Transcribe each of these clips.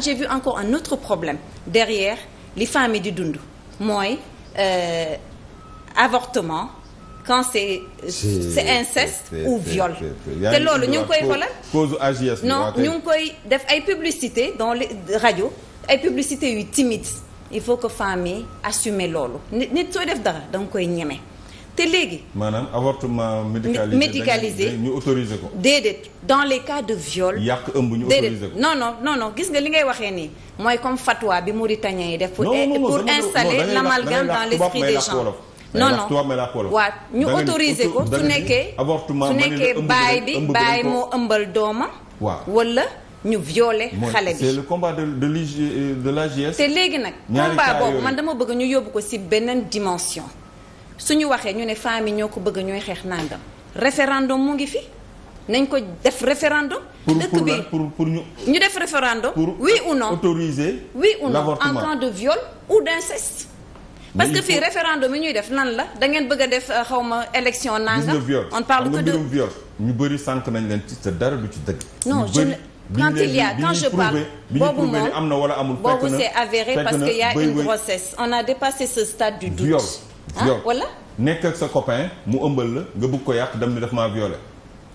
j'ai vu encore un autre problème derrière li femmes yi di dund mooy euh, avortement quand c'est c'est inceste ou viol te loolu ñu ngi koy xoolal cause def ay publicité dans les rajo ay publicité yu timide il faut que femmes yi assumer loolu nit nit sooy def dara da nga koy ñeme te léegi. maanaam avortement médicalisé médicalisé ñu autorisé ko. déedéet dans les cas de viol. yàq ëmb ñu autorisé ko non non non gis nga li ngay waxe nii mooy comme fatwa bi Mauritaniens yi def. pour pour installer l'amalgame dans l'esprit des gens. non non waaw ñu autorisé ko su nekkee. avortement su nekkee baay bi baay moo ëmbal doomam. waaw walla ñu violé xale bi c'est le combat de de l' euh, de l'AJS te léegi nag combat boobu man dama bëgg ñu yóbbu ko si benn dimension su ñu waxee ñu ne femmes yi ñoo ko bëgg ñooy xeex nangam référendum mu ngi fi nañ ko def référendum. dëkk bi pour pour ñu. ñu def référendum. oui ou non autoriser. oui ou non en cas de viol ou d'inceste. parce que fii référendum yi ñuy def nan la da ngeen bëgg a def euh, xawma élection nangam. on parle que de viol ñu bëri sànq nañ leen ci te dara du ci dëgg. non je quand il y a quand je parle boobu moom na wala amul. fekk na boobu c'est avéré parce qu'il y a une grossesse on a dépassé ce stade du doute. Ah, yow wala nekk ak sa copain mu ëmbal la nga bëgg ko yàq dem ni daf maa violé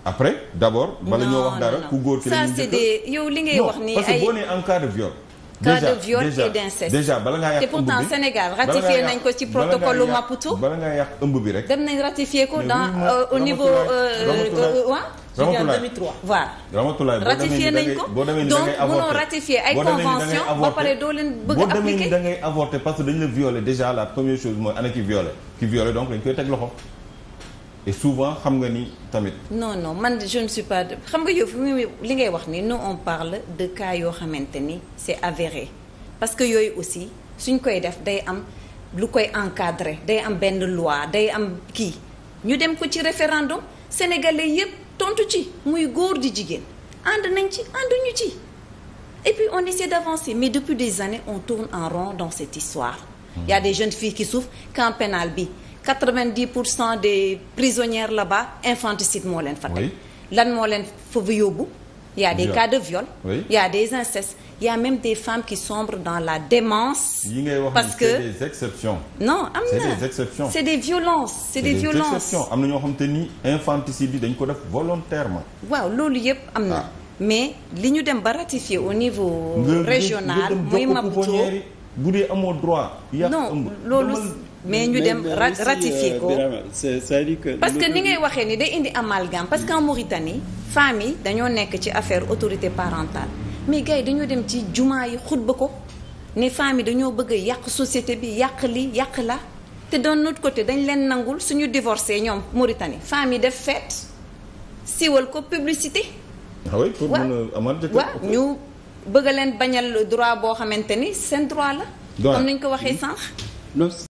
après d'abord bala ñoo wax dara ku góor ki la ñuy njëkk yow li ngay wax ni parce que boo nee en cas de viol déjà déjà déjà bala ngaa yàq bi te pourtant Sénégal ratifié nañ ko ci protocole Maputo. bala ngaa yàq ëmb bi rek. dem nañ ratifié ko dans euh, au niveau. Euh, Ramatoulaye 2003 voilà. Ramatoulaye ratifié nañ ko boo demee donc mënoo ratifié ay convention ba pare doo leen bëgg appliqué boo demee ni da ngay parce que dañu la violé déjà la première chose mooy ana ki violé ki violé donc dañ koy teg loxo et souvent xam nga ni tamit. non non man je ne suis pas xam nga yow fi mu li ngay wax ni no on parle de cas yoo xamante ni c'est avéré parce que yooyu aussi suñ koy def day am lu koy encadré day am benn loi day am kii ñu dem ko ci référendum sénégalais yépp tontu ci muy góor di jigéen ànd nañ ci ñu ci et puis on essaie d'avancer mais depuis des années on tourne en rond dans cette histoire hmm. il y a des jeunes filles qui souffrent camp pénal bi pour cent des prisonnières là-bas infanticide moo leen fa teg lan moo leen fa yóbbu il y cas de viol il y a des incestes y même des femmes qui sombrent dans la démence. li ngay wax parce que c'est des exceptions. non am na c'est des exceptions c'est des violences. am na ñoo xamante ni infanticide yi dañ ko def volontairement. waaw loolu yëpp am na. Ah. mais li ñu dem ba ratifier au niveau. régional muy Maputo bu dee amoo droit. yàq ëmb non loolu. mais ñu dem euh, ratifier ko parce que ni ngay waxee ni day indi amalgame parce que qu'en Mauritanie femmes yi dañoo nekk ci affaire autorité parentale. mais gars yi dañoo dem ci jumaa yi xutba ko ne femmes yi dañoo bëgg yàq société bi yàq li yàq la te doon autre côté dañ leen nangul suñu divorcé ñoom Mauritanie femmes yi def fet siiwal ko publicité. ah oui pour mën ñu bëgg leen bañal droit boo xamante ni seen droit la. comme nañ ko waxee mm-hmm. sànq.